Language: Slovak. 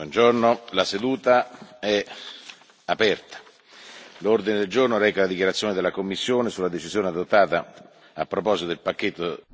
buongiorno la seduta è aperta. l'ordine del giorno reca la dichiarazione della commissione sulla decisione adottata a proposito del pacchetto.